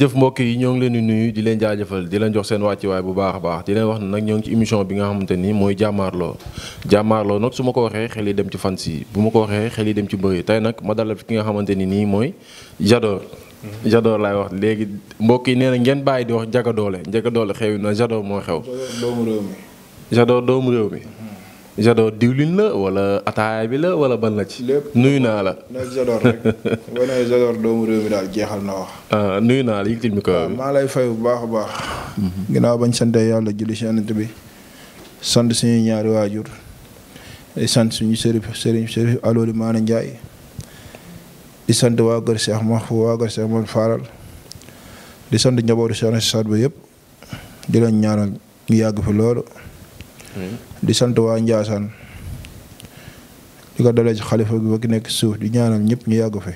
jëf mbokk yi ñoo ngi leen di nuyu di leen jaajëfal di leen jox seen wàcciwaay bu baax a baax di leen wax ne nag ñoo ngi ci émission bi nga xamante ni mooy jàmmaarloo jàmmaarloo nag su ma ko waxee xel dem ci fans yi bu ma ko waxee xel yi dem ci mbër yi tey nag ma dalal fi ki nga xamante ni nii mooy Jador. Jador laay wax léegi mbokk yi nee na ngeen bàyyi di wax Ndiaga Dolé Ndiaga Dolé xew na Jador moo xew. Jador doomu réew doomu réew mi. Jador diwlin la wala ataaya bi la wala ban la ci. lépp nuyu naa la. ne Jador rek daal jeexal na ah, nuyu naa la yëkkati micro bi. Ah, maa lay fay bu baax a baax. Mhm. ginnaaw bañ sant yàlla julli si yonent bi sant suñu ñaari waajur di sant suñu sëriñ sëriñ sëriñ Alioune Maana Ndiaye di sant waa Kër Cheikh Mahfou waa Kër Cheikh Mahfou Faral di sant njabootu Cheikh Nassar bi yëpp di leen ñu yàgg fi loolu. di sant waa Njaasaan di ko dalee ci xalifa bi ba ki nekk suuf di ñaanal ñëpp ñu yàgg fi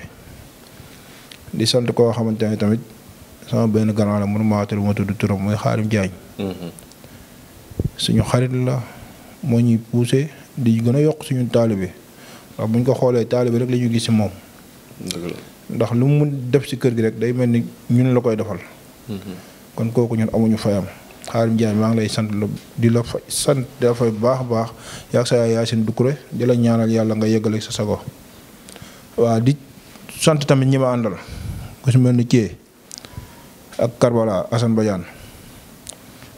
di sant koo xamante ne tamit sama benn grand la mënu maa tudd ma tudd turam muy Xaarim Jaañ mhm. suñu xarit la moo ñuy puuse di gën a yokk suñu taalibe ndax buñ ko xoolee taalibe rek la ñu gis si moom ndax lu mu def si kër gi rek day mel ni ñun la koy defal mhm. kon kooku ñun amuñu fayam Xaarim Jaay maa ngi lay sant la di la fa sant dafa baax baax yaag sa yaay Yaasin Dukure di la ñaanal yàlla nga yeggale sa sago waa di sant tamit ñi ma àndal ku si mel ni Thié ak Karbala Assane Badiane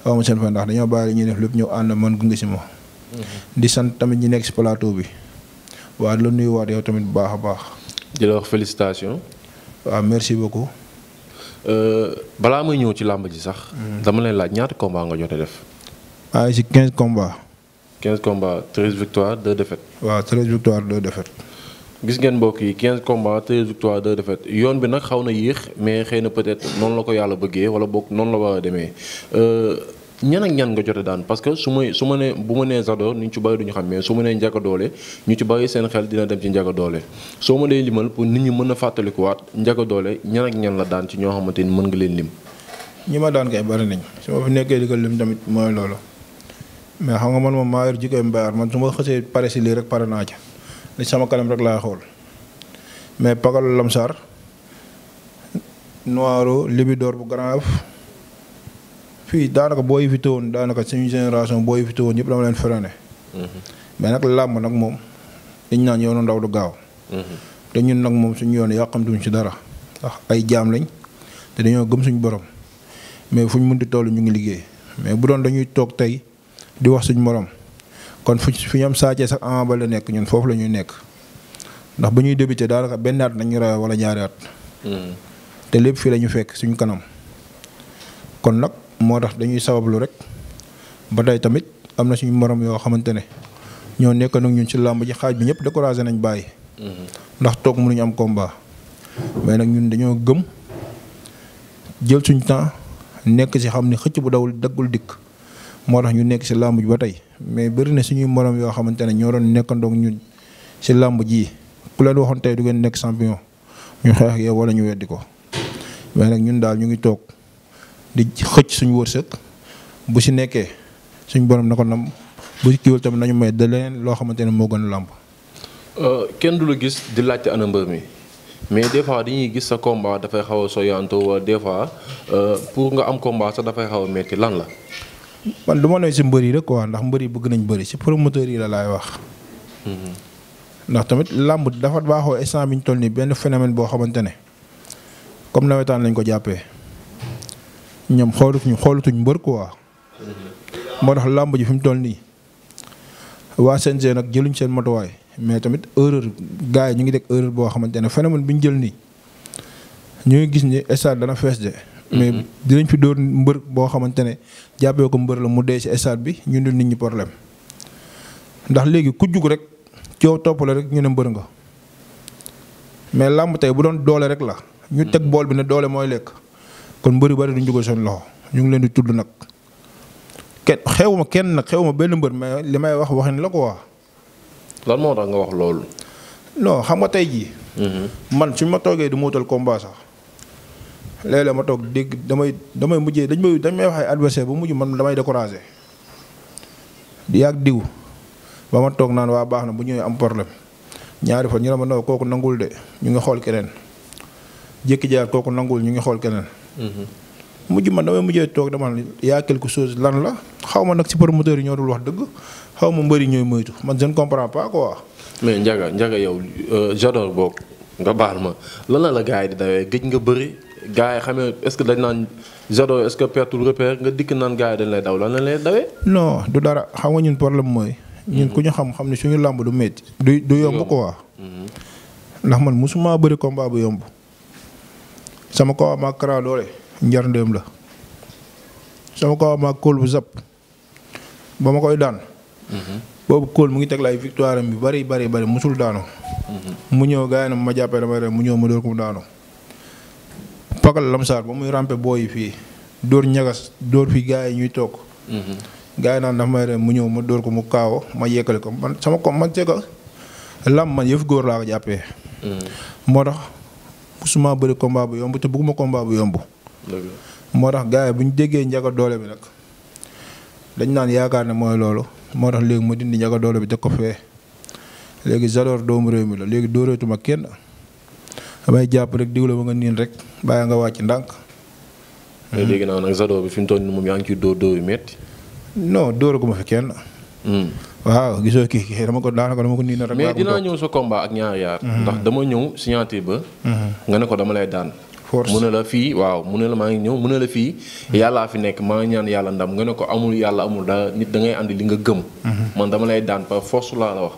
waaw ma seen fa ndax dañoo bàyyi ñuy def lépp ñëw ànd man gunge si ma mhm. di sant tamit ñi nekk si plateau bi waa di la nuyuwaat yow tamit bu baax a baax di la wax félicitation waaw merci beaucoup Euh, balaa may ñëw ci làmb ji sax. Mm. dama lay laaj ñaata combat nga jot a def. waaye ci 15 combats. 15 combats de victoires 2 waa waaw 13 victoires de défaites. gis ngeen mbokk yi quinze combats 13 victoires 2 défaites yoon bi nag xaw na yéex mais xëy na peut-être noonu la ko yàlla bëggee wala boog noonu la war demee. Euh, ñan ak ñan nga jote daan parce que su may su ma nee bu ma nee Zador ñu ci bàyyi duñu xam mais su ma nee Ndiaga Dolé ñu ci bàyyi seen xel dina dem ci Ndiaga doole soo ma dee limal pour nit ñi mën a fàttalikuwaat Ndiaga Dolé ñan ak ñan la daan ci ñoo xamante ni mën nga leen lim. ñi ma daan kay bari nañ su ma fi nekkee di ko lim tamit mooy loolu mais xam nga man moom maa yor jikkoy mbaar man su ma xasee pare si lii rek pare naa ci li sama kanam rek laa xool mais Pagalu Lamsar Noiro libidoor bu Grand fii daanaka boo invité woon daanaka suñu génération boo invité woon ñëpp dama leen freiné. Mm-hmm. mais nag làmb nag moom dañ naan yoonu ndaw du gaaw. Mm-hmm. te ñun nag moom suñu yoon yàqamtuñ ci dara ndax ay jaam lañ te dañoo gëm suñu borom mais fuñ mënti toll ñu ngi liggéey mais bu doon dañuy toog tey di wax suñu morom kon fu fi ñoom Sa Thiès sax Ama nekk ñun foofu la ñuy nekk ndax ba ñuy débuté daanaka benn at nañu rawee wala ñaari at. Mm-hmm. te lépp fii la ñu fekk suñu kanam kon moo tax dañuy sabablu rek ba tey tamit am na suñu morom yoo xamante ne ñoo nekk nag ñun ci làmb ji xaaj bi ñëpp découragé nañ bàyyi. Mm-hmm. ndax toog mënuñu am combat. mais nag ñun dañoo gëm jël suñu temps nekk ci xam ne xëcc bu dawul daggul dikk moo tax ñu nekk ci làmb ji ba tey mais bëri na suñuy morom yoo xamante ne ñoo doon nekkandoog ñun ci làmb ji ku waxoon tey du ngeen nekk champion ñu xeex yow wala ñu weddi ko mais nag ñun daal ñu ngi toog. di xëcc suñu wërsëg bu si nekkee suñu borom na ko nam bu si kiiwul tamit nañu may da leneen loo xamante ne moo gën a làmb. Euh, kenn du la gis di laajte ana mbër mi mais des fois dañuy gis sa combat dafay xaw a soyanto wala des fois euh, pour nga am combat sax dafay xaw a metti lan la. man du ma ne si mbër yi rek quoi ndax mbër yi bëgg nañu bëri si promoteur yi la laay wax. Mhm. ndax tamit làmb dafa baaxoo instant bi ñu toll nii benn phénomène boo xamante ne comme nawetaan lañ ko jàppee. ñoom xoolatuñu xoolatuñ mbër quoi. moo tax làmb ji fi mu toll nii waa CNG nag jëluñ seen matuwaay mais tamit erreur gars yi ñu ngi dégg erreur boo xamante ne phénomène bi ñu jël nii ñu gis ni stade dana fees de. mais mhm. dinañ fi dóor mbër boo xamante ne jàppee ko mbër la mu dee si stade bi ñu dul nit ñi problème ndax léegi ku jug rek coow toppale rek ñu ne mbër nga mais làmb tey bu doon doole rek la. ñu teg mhm. bool bi ne doole mooy lekk. kon mbëri bari duñ dugal seen loxo ñu ngi leen di tudd nag kenn ma kenn nag ma benn mbër mais li may wax waxin la ko waa lan moo tax nga wax loolu. non xam nga tey jii. Mhm. man suñ ma toogee du ma wutal combat sax ma toog dégg damay damay mujjee dañ may dañ may wax ay bu mujj man damay découragé di yàgg diw ba ma toog naan waa baax na bu ñëwee am problème ñaari fan ñu ne ma non kooku nangul de ñu ngi xool keneen jékki jaar kooku nanguwul ñu ngi xool keneen. mujj man damay mujjee toog dama yaa quelque chose lan la xaw ma nag si promoteur yi ñoo dul wax dëgg xaw ma mbëri ñooy moytu man je ne comprends pas quoi. mais Ndiaga Ndiaga yow euh, j'adore boog nga baal ma lan la la gars di dawee gëj nga bëri gars yi xamee est-ce que dañ naan j'adore est-ce que pertul repère nga dikk naan gars yi dañ lay daw lan la lay dawee. non du dara xaw nga ñun problème mooy. ñun ku ñu xam xam ne suñu làmb du métti. du du ko waa mm-hmm. ndax man mosuma bëri combat bu yomb. sama kaw maag Kara la sama kaw maag bu Zapp ba ma koy daan. Mhm. boobu Koul mu ngi teg la ay victoire am yu bari bari bari musul daanu. Mhm. mu ñëw gars yi nag ma jàppee damay rek mu ñëw ma door ko mu daanu. Pakal Lamsaar muy rampe fii dóor ñagas dóor fii yi ñuy toog. Mhm. gars yi naan mu ñëw ma dóor ko mu kaawo ma yekkale ko man sama ko man c'est que man yëf góor laa ko jàppee. moo tax. musuma bëri combat bu yomb te bëgguma combat bu yomb. moo tax gars yi bu ñu déggee njaga doole bi nag dañ naan yaakaar ne mooy loolu moo tax léegi ma dindi njaga doole bi teg ko fee léegi Jador doomu réew mi la léegi dóoreetuma kenn damay jàpp rek diwla ba nga niin rek bàyyi nga wàcc ndànk. mais léegi nag Jador bi fi mu toll nii moom yaa ngi ciy dóor dóor yu métti. non dóoraguma fi kenn. Hmm. waaw gisoo kii dama ko daanaka dama ko nii na rek. mais dinaa ñëw sa combat ak ñaar yaar. Mhm. ndax dama ñëw signature ba. Mhm. nga ne ko dama lay daan. force mu ne la fii waaw mu ne la maa ngi ñëw mu ne la fii. Mhm. yàllaa fi nekk maa ngi yàlla ndam nga ne ko amul yàlla amul dara nit da ngay andi li nga gëm. dama lay daan par force laa la wax.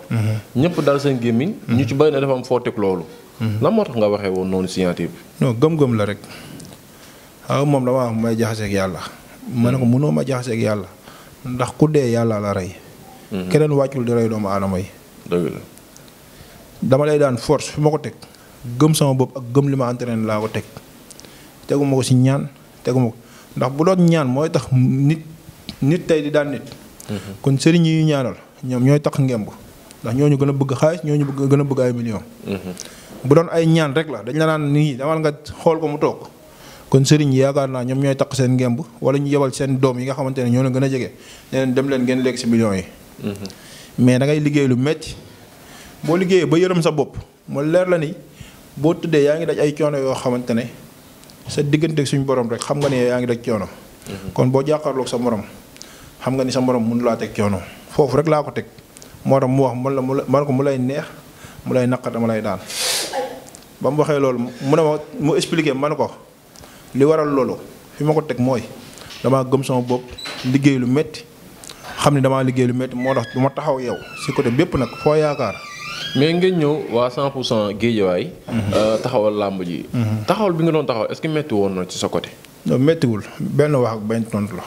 ñëpp dal seen gémmiñ. ñu ci bëri na dafa am foo teg loolu. lan moo tax nga waxee woon noonu signature bi. non gëm-gëm la rek. waaw moom dama may jaxaseeg yàlla. ma ne ko mënoo ma jaxaseeg yàlla. ndax ku dee yàlla la rey. Mhm. keneen wàccul di rey doomu aadama yi. dama lay daan force fi ma ko teg gëm sama bopp ak gëm li ma entraîné laa ko teg teguma ma ko si ñaan teguma ko ndax bu doon ñaan mooy tax nit nit tey di daan nit. Mhm. kon sëriñ yi ñu ñaanal ñoom ñooy tax ngemb ndax ñu gën a bëgg xaalis ñooñu bëgg gën a bëgg ay million mhm. bu doon ay ñaan rek la dañ la naan nii demal nga xool ko mu toog kon sëriñ yi yaakaar naa ñoom ñooy takk seen ngemb wala ñu yebal seen doom yi nga xamante ne ñoo gën a jege nee dem leen ngeen lekk si millions yi. mais da ngay liggéey lu métti boo liggéeyee ba yërëm sa bopp ma leer la ni boo tëddee yaa ngi daj ay coono yoo xamante ne sa diggante suñu borom rek xam nga ne yaa ngi daj coono. Mhm. kon boo jàkkaarloog sa morom xam nga ni sa morom mënu laa teg coono foofu rek laa ko teg moo tax mu wax man la mu man ko mu lay neex mu lay naqar dama lay daan ba mu waxee loolu mu ne ma mu expliqué man ko li waral loolu fi ma ko teg mooy damaa gëm sama bopp liggéey lu métti. xam ne damaa liggéey lu métti moo tax du ma taxaw yow si côté bépp nag foo yaakaar. mais ngeen ñëw waa 100 pour cent géejawaay. Mhm. Euh, taxawal làmb ji. Mhm. taxawal bi nga doon taxawal est-ce que métti woon na ci sa côté. non méttiwul benn wax ak benn tontu la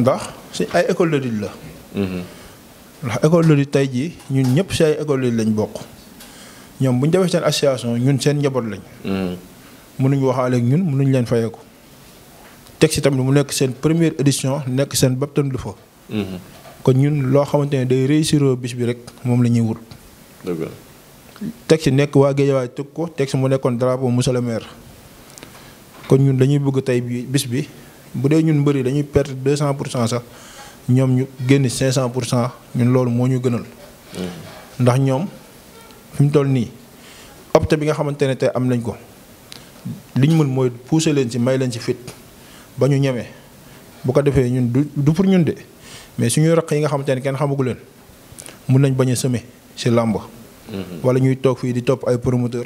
ndax si ay école la. Mhm. ndax école de lutte tey jii ñun ñëpp si ay école lañ bokk ñoom bu ñu defee seen association ñun seen njaboot lañ. mënuñ waxaale ak ñun mënuñ leen fayeeku teg si tamit mu nekk seen première édition nekk seen baptême du feu. Mhm. kon ñun loo xamante ne day réussiro bis bi rek moom la ñuy wut. dëgg teg nekk waa Guédiawaye tëgg ko teg si mu nekkoon drapeau monsieur le maire. kon ñun dañuy bëgg tey bii bis bi bu dee ñun mbëri dañuy perte deux cent pour cent sax ñoom ñu génn cinq cent pour cent ñun loolu moo ñu gënal. Mhm. ndax ñoom fi mu toll nii opte bi nga xamante ne tey am nañ ko liñ mën mooy pousser leen ci may leen ci fit. ba ñu ñemee bu ko defee ñun du du pour ñun de mais suñuy raq yi nga xamante ne kenn xamagu leen mun nañ bañ a sëme si làmb mm-hmm. wala ñuy toog fii di topp ay promoteur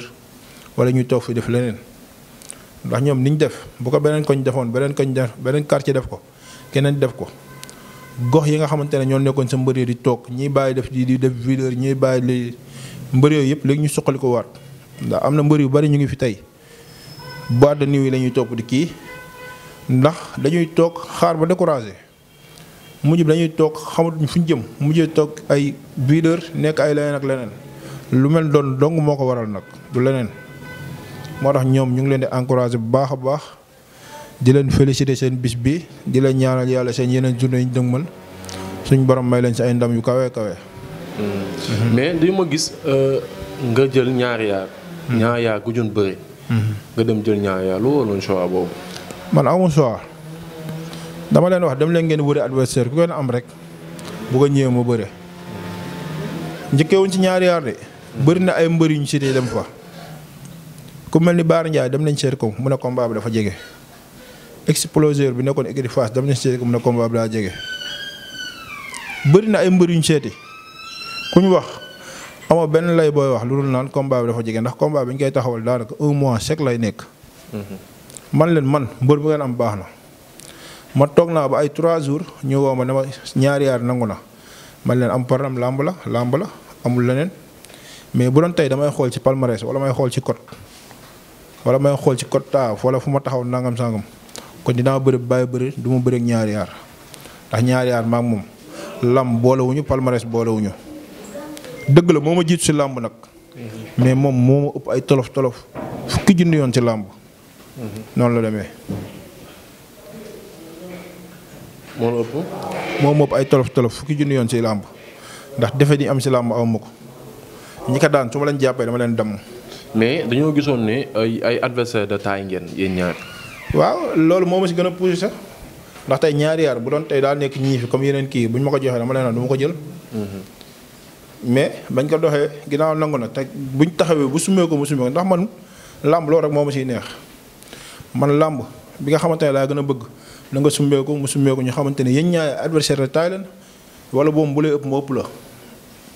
wala ñuy toog fii def leneen ndax ñoom niñ def bu ko beneen koñ defoon beneen koñ def beneen quartier def ko keneen def ko gox yi nga xamante ne ñoo nekkoon sa mbër yi di toog ñiy bàyyi def di di def videur ñiy bàyyi li mbër yooyu yëpp léegi ñu suqali ko waat ndax am na mbër yu bari ñu ngi fi tey boîte de nuit yi la ñuy di kii ndax dañuy toog xaar ba découragé mujj bi dañuy toog xamatuñ fu ñu jëm mujjee toog ay biideur nekk ay leneen ak leneen lu mel doon dong moo ko waral nag du leneen moo tax ñoom ñu ngi leen di encouragé bu baax a baax di leen félicité seen bis bi di leen ñaanal yàlla seen yeneen journée yi ñu dëgmal suñ borom may leen si ay ndam yu kawee kawe. Hmm. mais di ma gis euh, nga jël ñaari yaar. Hmm. ñaar yaar gu jun bëri. Hmm. nga dem jël ñaar yaar lu wóoroon choix boobu. man aw ma dama leen wax dem leen ngeen wëre adversaire ku ngeen am rek bu ko ñëwee ma bëre. njëkkewuñ ci ñaari yaar de. bëri na ay mbër yuñ ñu dem fa. ku mel ni Baara Ndiaye dem nañ seet ko mu ne combat bi dafa jege. exploseur bi nekkoon écurie Fass dem nañ seet mu ne combat bi daa jege. bëri na ay mbër yuñ ñu seeti ku ñu wax amoo benn lay booy wax lu dul naan combat bi dafa jege ndax combat bi ñu koy taxawal daanaka un mois sec lay nekk. Mm-hmm. man leen man mbër bu ngeen am baax na ma toog naa ba ay trois jours ñu woo ma ne ma ñaari yaar nangu na man leen am problème làmb la làmb la amul leneen mais bu doon tey damay xool ci palmarès wala may xool ci code wala may xool ci code taaf wala fu ma taxaw nangam sangam kon dinaa bëri bàyyi bëri du ma bëri ak ñaari yaar ndax ñaari yaar maak moom làmb boolewuñu palmarès boolewuñu dëgg la moo ma jiitu ci làmb nag. Mhm. mais moom moo ma ëpp ay tolof tolof fukki junni yoon ci làmb. noonu la demee. moo la ëpp. mopp ay tolof tolof fukki junni yoon ci làmb ndax defe di am ci làmb awma ko ñi ko daan su ma leen jàppee dama leen damm. mais dañoo gisoon ne ay ay adversaire de taille ngeen yéen ñaar. waaw loolu moo ma ci gën a poussé sax ndax te ñaari yaar bu doon tey daal nekk ñii fi comme yeneen kii bu ñu ma ko joxee dama leen du ma ko jël. Mhm. mais bañ ko doxee ginnaaw nangu na te buñ taxawee bu summee ko mu sumee ko ndax man làmb loolu rek moo ma ciy neex. man làmb bi nga xamante ne laa gën a bëgg na nga sumbeeku mu summeeku ñu xamante ne yéen ñaari adversaire la taay leen wala boobu bu lay ëpp ma ëpp la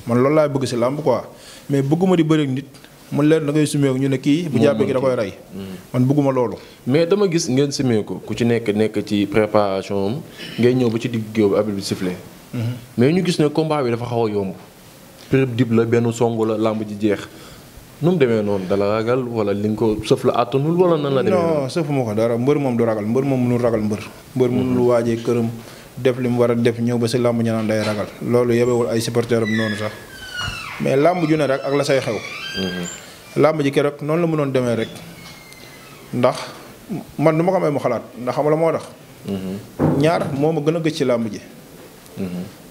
man loolu laa bëgg si làmb quoi mais bëgguma di bëri nit mu leer da ngay summeeku ñu ne kii bu jàppee ki da koy rey mm. man bëgguma loolu mais dama gis ngeen summeeku ku ci nekk nekk ci préparation am ngay ñëw ba ci digg géew bi abit bi sifflé mm-hmm. mais ñu gis ne combat bi dafa xaw a yomb prib dib la benn song la làmb ji jeex nu mu demee noonu dala ragal wala li nga ko sëf la àttanul wala nan la demee non sëfuma ko dara mbër moom du ragal mbër moom mënul ragal mbër mbër mhm. mënul waajee këram def li mu war a def ñëw ba si làmb ñu naan day ragal loolu yebewul ay supporter am noonu sax làmb ju ne rek ak la say xew mhm. làmb ji keroog noonu la mënoon demee rek ndax man du ma ko may mu xalaat ndax xam la moo tax mhm. ñaar moo ma gën a gëj ci làmb ji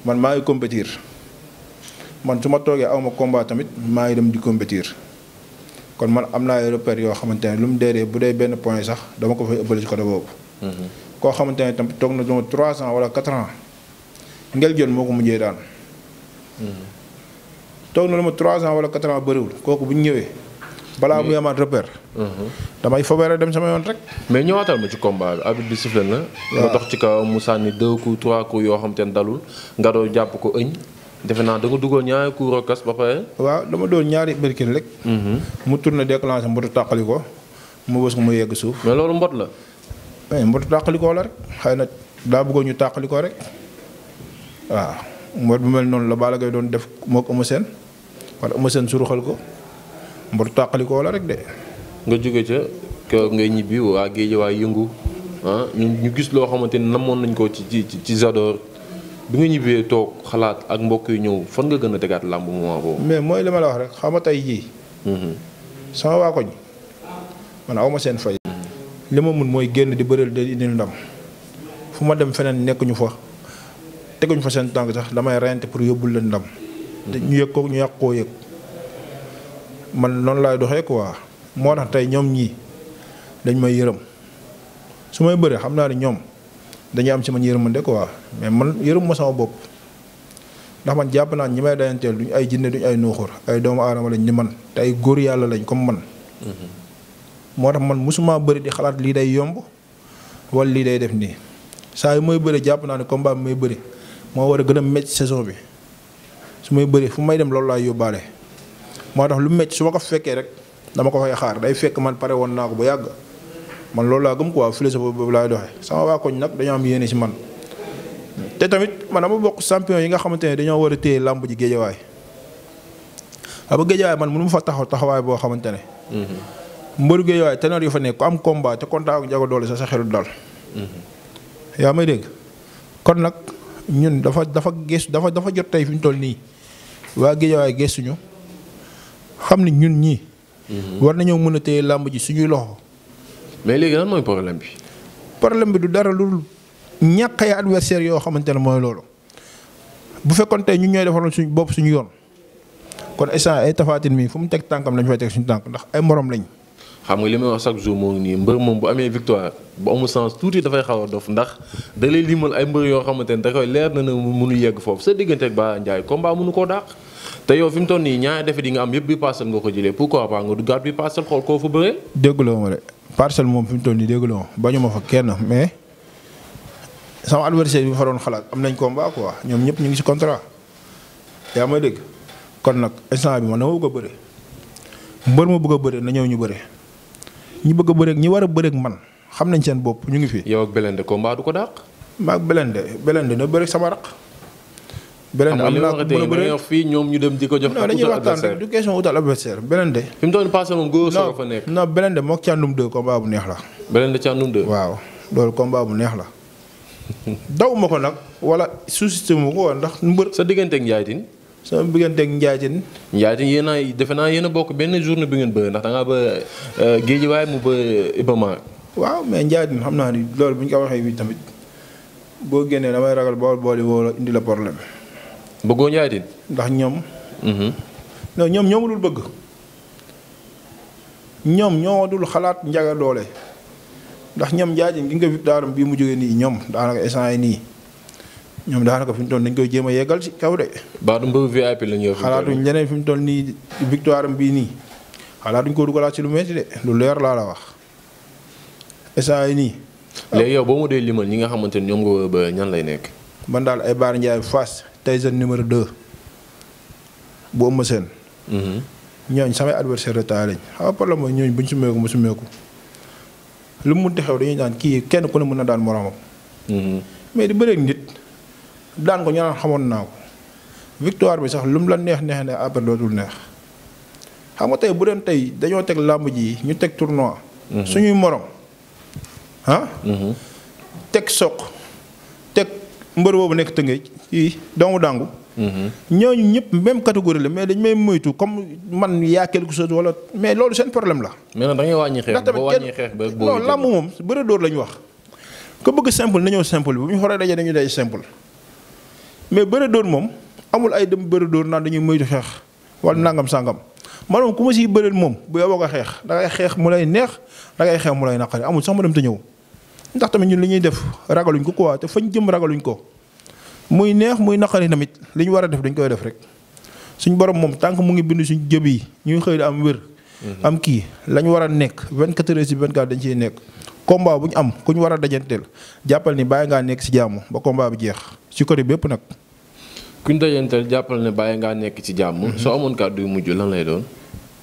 man maa ngi compétir man su ma toogee aw ma combat tamit maa ngi dem di compétir kon man am naa ay repères yoo xamante ne lu mu dee bu dee benn point sax dama ko fay ëppale ci côté boobu. Mm-hmm. koo xamante ne tam toog na dama trois ans wala quatre ans ngel jël ko mujjee daan. Mm-hmm. toog na lu ma trois ans wala quatre ans bëriwul kooku bu ñu ñëwee. balaa muy mm-hmm. amaat repère. damay fobeere dem sama yoon rek. mais ñëwaatal ma ci combat bi arbitre bi sifflé na. waaw dox ci kaw mu sànni deux coups trois coups yoo xam ne dalul nga doon jàpp ko ëñ. defe naa da nga dugal ñaari coup rokas ba pare. waaw dama doon ñaari berkin rek. Mhm. mu tourné déclenché mbootu tàqali ko mu wës mu yegg suuf. mais loolu mbot la. mais eh, mbootu tàqali la rek xëy na daa bëggoon ñu tàqali ko rek waaw mbot bu mel noonu la Balla Gaye doon def moog Eumeu Sène wala Eumeu Sène suruxal ko mbootu tàqali la rek de. nga jóge ca keroog ngay ñibbi waa géej waa yëngu ah ñu gis loo xamante ni namoon nañ ko ci ci ci Zador. bi nga ñibbee toog xalaat ak mbokk yu ñëw fon nga gën a tegaat làmb moment boobu. mais mooy li a la wax rek xam ma tey jii. Mm-hmm. sama waa koñ man aw ma seen fay. Mm-hmm. li ma mun mooy génn di bëreel di indil ndam fu ma dem feneen nekkuñu fa teguñu fa seen tànk sax damay rente pour yóbbul leen ndam. Mm-hmm. te ñu yëg ko ñu yàq koo yëg man noonu laay doxee quoi moo tax tey ñoom ñii dañ may yërëm su may bëree xam naa ne ñoom. dañuy am ci man yërmande waa mais man yërëm ma sama bopp ndax man jàpp naa ñi may dayanteel duñ ay jinne duñ ay nuuxur ay doomu aadama lañ ni man te ay góor yàlla lañ comme man. Mm-hmm. moo tax man mosuma bëri di xalaat lii day yomb wala lii day def nii saa yu may bëri jàpp naa ne combat bi may bëri moo war a gën a métti saison bi su may bëri fu may dem loolu laay yóbbaale moo tax lu métti su ma ko fekkee rek dama ko fay xaar day fekk man pare woon naa ko bu yàgg. man loolu laa gëm quoi philosophie boobu laay doxee sama waa koñ nag dañoo am yéene si man te tamit man dama bokk champion yi nga xamante ne dañoo war a téye làmb ji géejawaay aba géejawaay man mënu ma fa taxaw taxawaay boo xamante ne mm-hmm. mbëru géejawaay tenor yu fa nekk ku am combat te contact jago doole sa sa xelu dal mm-hmm. yaa may dégg kon nag ñun dafa dafa geesu dafa dafa jot tey fi ñu toll nii waa géejawaay geesuñu xam ne ñun ñii mm-hmm. war nañoo mën a téye làmb ji suñuy loxo mais léegi lan mooy problème bi. problème bi du dara lu ñàkk ay adversaire yoo xamante ne mooy loolu bu fekkoon tey ñu ñooy defaroon suñu bopp suñu yoon kon instant ay tafaatin mi fu mu teg tànkam lañ fay teg suñu tànk ndax ay morom lañ. xam nga li may wax chaque jour nii mbër moom bu amee victoire tuuti dafay xaw a dof ndax da lay limal ay mbër yoo xamante ne da koy leer na ne mënu yegg foofu sa diggante ak Bara Ndiaye combat mënu koo dàq. te yow fi mu toll nii ñaari défaite yi nga am yëpp bi paasal nga ko jëlee pourquoi pas nga duggaat bi paasal xool koo fa bëree. dégg la ma de parcelle moom fi mu toll nii déglu ma bañu fa kenn mais sama adversaire bi fa doon xalaat am nañ koo combat quoi ñoom ñëpp ñu ngi ci contrat yaa ma dégg kon nag instant bi ma dama bëgg a bëre mbër ma bëgg a bëre na ñëw ñu bëre ñu bëgg a bëre ñi war a bëre ak man xam nañ seen bopp ñu ngi fii yow ak Belende combat du ko dàq. maa ak Belende Belende na bëre sama raq. beneen am naa ko mën a fii ñoom ñu dem di ko jox. non dañuy waxtaan rek du question utal adversaire beneen de. fi mu doon passé moom góor soo fa neex la. beneen de càndum deux. waaw loolu combat bu neex la. dawuma ko nag wala suscité ma ko ndax mbër. sa digganteeg Ndiaye Tine. sama digganteeg Ndiaye Tine. Ndiaye Tine yéen a defe naa yéen a bokk benn journée bi ngeen bëre ndax da ngaa ba géej waaye mu ba Ibama. waaw mais Ndiaye Tine xam naa ni loolu bu ñu ko waxee bi tamit boo génnee damay ragal bool booli woo la indi la bëggoo Ndiaye Tine ndax ñoom. Mm-hmm. ñoom ñoo ma dul bëgg. ñoom ñoo dul xalaat njaga doole ndax ñoom Ndiaye Tine gi nga daaram bii mu jógee nii ñoom daa instant yi nii ñoom daanaka fi mu dañ koy jéem a yeggal ci kaw de. baadu mbëru VIP la ñu xalaatuñ leneen fi mu toll nii victoire am bii nii duñ ko dugalaat ci lu metti de lu leer laa la wax instant yi nii. léegi yow boo mu dee limal ñi nga xamante ni ñoom nga ba ñan lay nekk. man daal ay Baar Ndiaye Fass tey Tyson numéro 2 bu ëmb seen. ñooñ samay adversaire de taille lañ xam nga ñooñ buñ sumeeku mu sumeeku lu mu ti xew dañuy naan kii kenn ku ne mën na daan moromam. Mm-hmm. mais di bëreeg nit daan ko ñu naan xamoon naa ko victoire bi sax lu mu la neex neex ne après dootul neex xam nga tey bu doon tey dañoo teg làmb yi ñu teg tournoi. Mm-hmm. suñuy morom ah. Mm-hmm. teg soq. mbër boobu nekk tëngéej kii doomu dàngu mhm. ñooñu ñëpp même catégorie la mais dañ may moytu comme man yaa quelque chose wala mais loolu seen problème la. mais nag da ngay wàññi xeex boo wàññi xeex ba boo non làmb la ñu wax. ko bëgg simple na ñëw bu ñu xoolee daje dañu day simple mais bëre dóor moom amul ay dem bëre dóor naan dañuy moytu xeex wala nangam sangam maanaam ku ma moom bu yoboo xeex da xeex mu lay neex da ngay xeex mu lay naqari amul sax ma dem te ñëw ndax tamit ñun li ñuy def ragaluñ ko quoi te fañ jëm ragaluñ ko muy neex muy naqari tamit li ñu war a def dañ koy def rek suñ borom moom tànk mu ngi bind suñ jëb yi ñuy xëy di am wér. Mhm. am kii la ñu war a nekk 24 heures sur 24 dañ ciy nekk. combat bu ñu am ku ñu war a dajanteel jàppal ni bàyyi ngaa nekk ci jàmm ba combat jeex ci côté bépp nag. ku ñu jàppal ne bàyyi ngaa nekk ci jàmm. Mhm. soo amoon kàddu yu mujj lan lay doon.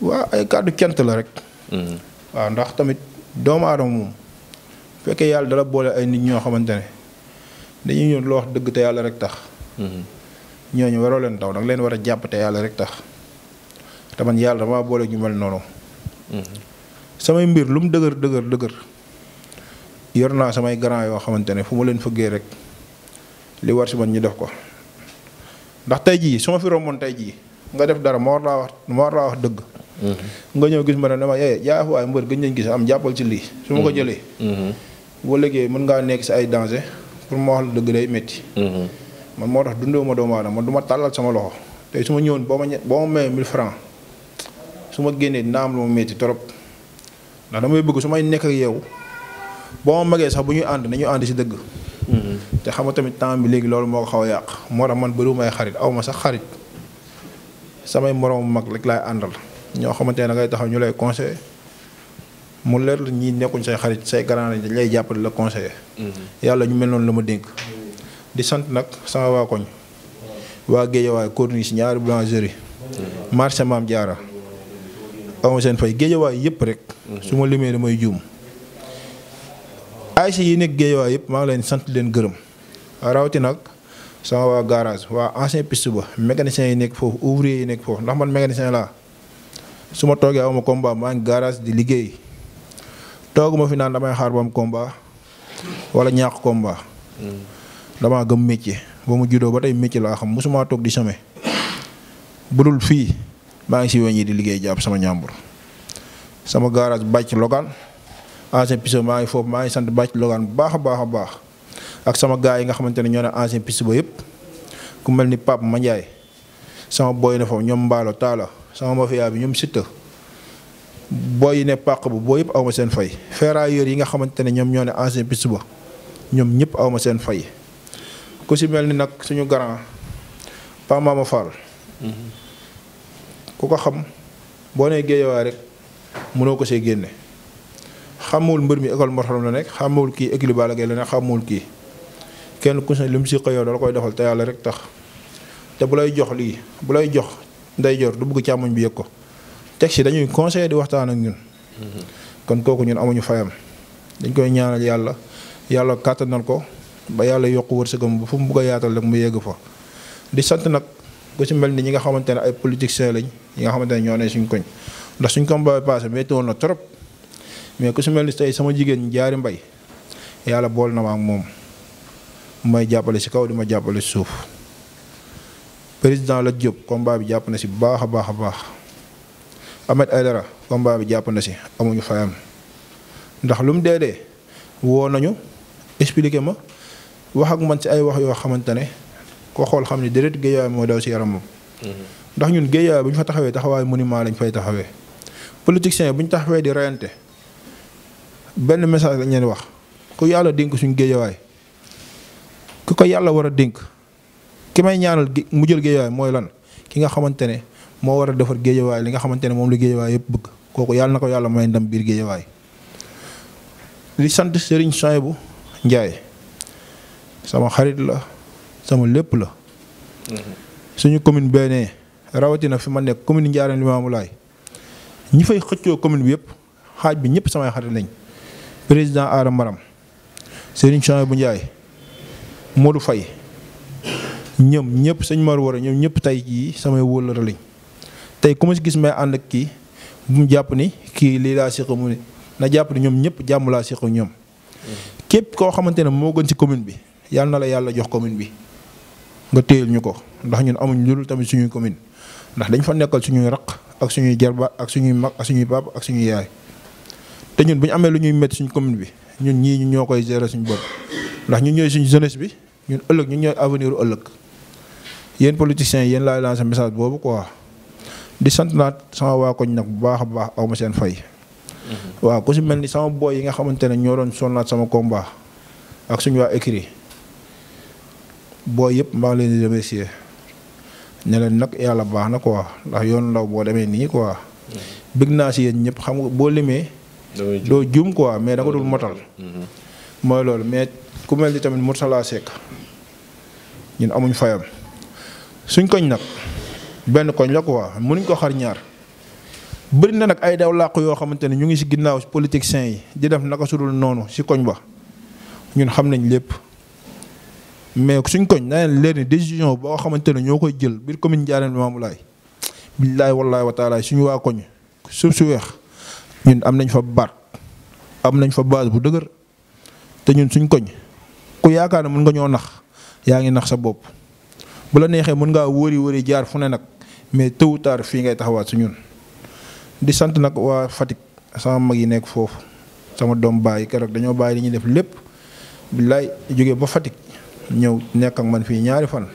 waa ay kàddu kent la rek. Mhm. waaw ndax tamit doomu aadama moom fekkee yàlla dala boole ay nit ñoo xamante ne. dañuy ñëw loo wax dëgg te yàlla rek tax. Mhm. ñooñu waroo leen daw da leen war a jàpp te rek tax te man yàlla damaa boole ñu mel noonu. Mhm. samay mbir lu mu dëgër dëgër dëgër yor naa samay grand yoo xamante ne fu ma leen fëggee rek li war si man ñu def ko ndax tey jii su ma fi romboon tey jii nga def dara ma war laa wax ma war laa wax dëgg. Mhm. nga ñëw gis ma ne dama eh jaay waaye mbër gëj nañ gis am jàppal ci lii. su ma ko jëlee. boo léegi mën ngaa nekk si ay danger. pour ma wax la dëgg day métti. Mm-hmm. man moo tax dundoo ma doomu aadama man du tàllal sama loxo tey su ma ñëwoon boo ma ñe boo ma mayee 1000 francs su ma génnee dina am lu ma métti trop ndax damay bëgg su may nekk ak yow boo ma magee sax bu ñuy ànd nañu ànd si dëgg. Mm-hmm. te xam nga tamit temps bi léegi loolu moo ko xaw a yàq moo tax man bëriwuma ay xarit aw ma sax xarit samay moroom mag rek laay àndal ñoo xamante ne dangay taxaw ñu lay conseillé. mu leer la ñii nekkuñ say xarit say grand lañ lay jàppale la conseiller. yàlla ñu mel noonu la ma dénk. di sant nag sama waa koñ. waa Géejawaay corniche ñaari boulangerie. marché maam jaara amoo seen fay Géejawaay yëpp rek. su ma limee damay juum. ay yi nekk Géejawaay yëpp maa ngi leen sant leen gërëm. rawati nag sama waa garage waa ancien piste ba mécanicien yi nekk foofu ouvrier yi nekk foofu ndax man mécanicien laa su ma toogee aw ma combat maa di liggéey. tooguma fi naan damay xaar ba komba combat wala ñàkk combat. damaa gëm métier ba mu juddoo ba tey métier laa xam mosuma toog di seme bu dul fii maa ngi si weñ yi di liggéey jàpp sama ñàmbur sama garage bàcc logaan ancien piste maa ngi foofu maa ngi sant bàcc logaan bu baax a baax a baax ak sama gars yi nga xamante ne ñoo ne ancien piste ba yëpp ku mel ni Pape Mandiaye sama boy na foofu ñoom Mballo Talla sama mafia bi ñoom Sitta booy yi ne pàq bu boo yëpp awma seen fay ferrailleurs yi nga xamante ne ñoom ñoo ne ancien piste ba ñoom ñëpp awma seen fay ku si mel ni nag suñu grand Pa Mama Fall mm-hmm. ku ko xam boo nee Guédiawaye rek mënoo ko see génne xamul mbër mi école Mor Xorom la nekk xamul kii école Balla Gaye la nekk xamul kii kenn ku si ne li mu si xëyoon dala koy defal te yàlla rek tax te bu lay jox lii bu lay jox ndeyjoor du bëgg càmmoñ bi yëg ko teg si dañuy conseil di waxtaan ak ñun. kon kooku ñun amuñu fayam dañ koy ñaanal yàlla yàlla kàttanal ko ba yàlla yokk wërsëgam ba fu mu bugg a yaatal rek mu yegg fa. di sant nag ku si mel ni ñi nga xamante ne ay politiciens lañ ñi nga xamante ne ñoo ne suñ koñ ndax suñ combat bi passé métti woon na trop mais ku si mel ni tey sama jigéen jaari mbay yàlla bool na ma moom may jàppale si kaw di ma jàppale si suuf président la Diop combat bi jàpp na si baax a baax a baax. ay dara combat bi jàpp na si amuñu fayam ndax lu mu dee dee woo nañu expliqué ma wax ak man si ay wax yoo xamante ne ko xool xam ne déedéet géejawaay mooy daw si yaram moom. Mm-hmm. ndax ñun géejawaay bu ñu fa taxawee taxawaay monument lañ fay taxawee. politiciens bu ñu taxawee di reyante benn message lañ leen wax ku yàlla dénk suñu géejawaay ku ko yàlla war a dénk ki may ñaanal mu jël géejawaay mooy lan ki nga xamante ne. moo war a defar géejawaay li nga xamante ne moom la géejawaay yëpp bëgg kooku yàlla na ko yàlla may ndam biir géejawaay li sant Serigne Souhaibou Ndiaye sama xarit la sama lépp la. Mm-hmm. suñu commune benee rawatina fi ma nekk commune Ndiarème Limamoulaye ñi fay xëccoo commune bi yëpp xaaj bi ñëpp samay xarit lañ président Aram Maram bu Souhaibou Ndiaye Modou Faye ñoom ñëpp sëñ Mar war a ñoom ñëpp tey jii samay wóolal lañ. tey ku ma si gis may ànd ak kii bu mu jàpp ni kii lii laa seq mu na jàpp ni ñoom ñëpp jàmm laa seq ñoom. képp koo xamante ne moo gën ci commune bi yàlla na la yàlla jox commune bi nga téyel ñu ko ndax ñun amuñ lu tamit suñuy commune ndax dañ fa nekkal suñuy raq ak suñuy jarbaat ak suñuy mag suñuy papa ak suñuy yaay te ñun bu amee lu ñuy métti suñu commune bi ñun ñii ñu ñoo koy gérer suñu bopp ndax ñu ñooy suñu jeunesse bi ñun ëllëg ñu ñooy avenir ëllëg yéen politiciens yéen laay lancer message boobu quoi. di sant naat sama waa koñ nag bu baax a baax aw ma seen fay. Mm-hmm. waaw ku si mel ni sama boy yi nga xamante ne ñoo doon sonnaat sama combat ak suñu waa écrit booy yëpp maa ngi leen di remercier ne leen nag yàlla baax na ko quoi ndax yoon ndaw boo demee nii quoi. Mm-hmm. bëgg naa si yéen ñëpp xam nga boo limee. doo juum quoi mais da nga dul motal. Mm-hmm. mooy loolu mais ku mel ni tamit Mourtala Seck ñun amuñ fayam suñ koñ nag. benn koñ la quoi mënuñ ko xar ñaar bëri na nag ay daw làqu yoo xamante ne ñu ngi ci ginnaaw politiciens yi di def naka sudul noonu si koñ ba ñun xam nañ lépp mais suñ koñ na leen leer ni décision boo xamante ne ñoo koy jël biir commune Ndiarème Limamoulaye billaay wallaay wa taalaay suñu waa suuf su weex ñun am nañ fa baat am nañ fa base bu dëgër te ñun suñ koñ ku yaakaar ne mën nga ñoo nax yaa ngi nax sa bopp bu la neexee mën ngaa wëri wëri jaar fu ne nag. mais tôt ou fii ngay taxawaat su ñun di sant nag waa Fatick sama mag yi nekk foofu sama doom bàyyi keroog dañoo bàyyi li ñuy def lépp billaay jóge ba Fatick ñëw nekk ak man fii ñaari fan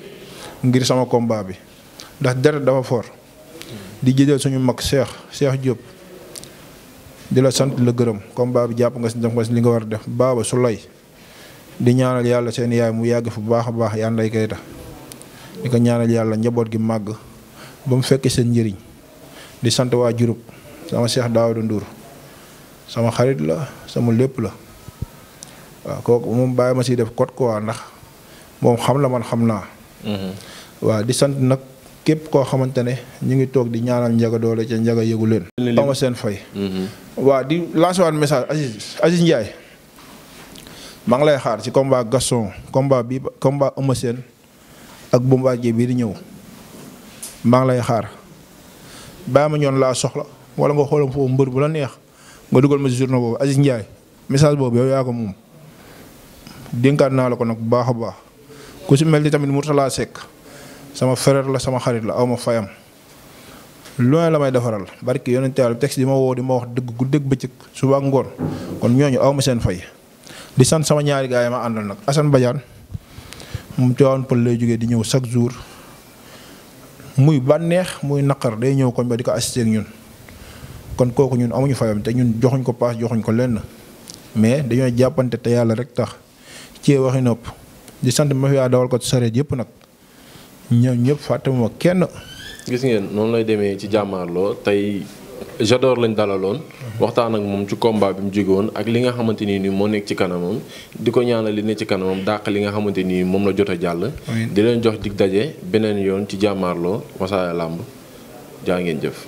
ngir sama komba bi ndax deret dafa fort di jëjal suñu mag Cheikh Cheikh Diop di la sant la gërëm combat bi jàpp nga si def nga si li nga war a def baaba su lay di ñaanal yàlla seen yaay mu yàgg fu baax a baax yaan lay kay tax di ko ñaanal yàlla njaboot gi màgg ba mu fekkee seen njëriñ di sant waa Diouroup sama Cheikh Daouda Ndour sama xarit la sama lépp la waaw kooku moom bàyyi ma si def code quoi ndax moom xam la man xam naa. Mhm. waa di sant nag képp koo xamante ne ñu ngi toog di ñaanal njaga doole ca njaga yëgu leen. xama seen fay. Mhm. waa di laa waat message Aziz Aziz Ndiaye maa ngi lay xaar ci combat Gaston combat bi combat Eumeu Sène ak Bombardier bii di ñëw. maa ngi lay xaar bàyyi ma ñoon laa soxla wala nga xoolam foofu mbër bu la neex nga dugal ma si journée boobu Aziz Ndiaye message boobu yow yaa ko moom dénkaat naa la ko nag bu baax a baax ku si mel ni tamit Mourtala Seck sama frère la sama xarit la aw ma fayam loin la may defaral barki yonent Yàlla texte di ma woo di ma wax dëgg guddeeg bëccëg suba ak ngoon kon ñooñu aw ma seen fay. di sant sama ñaari gars yi ma àndal nag Assane Badiane moom Tivaouane Pël lay jógee di ñëw chaque jour. muy bànneex muy naqar day ñëw koñ ba di ko assister ak ñun kon kooku ñun amuñu fayam te ñun joxuñ ko paas joxuñ ko lenn mais dañoo jàppante te yàlla rek tax cee waxi nopp di sant mafia dawal ko sareet yëpp nag ñoom ñëpp fàttewuma kenn. gis ngeen noonu lay demee ci jàmmaarloo tey Jador lañ dalaloon. waxtaan ak moom ci combat bi mu jóge ak li nga xamante ni moo nekk ci kanamam di ko ñaanal li ne ci kanamam dàq li nga xamante nii moom la jot a jàll. di leen jox dig daje beneen yoon ci jàmmaarloo Wassare Lamb jaa ngeen jëf.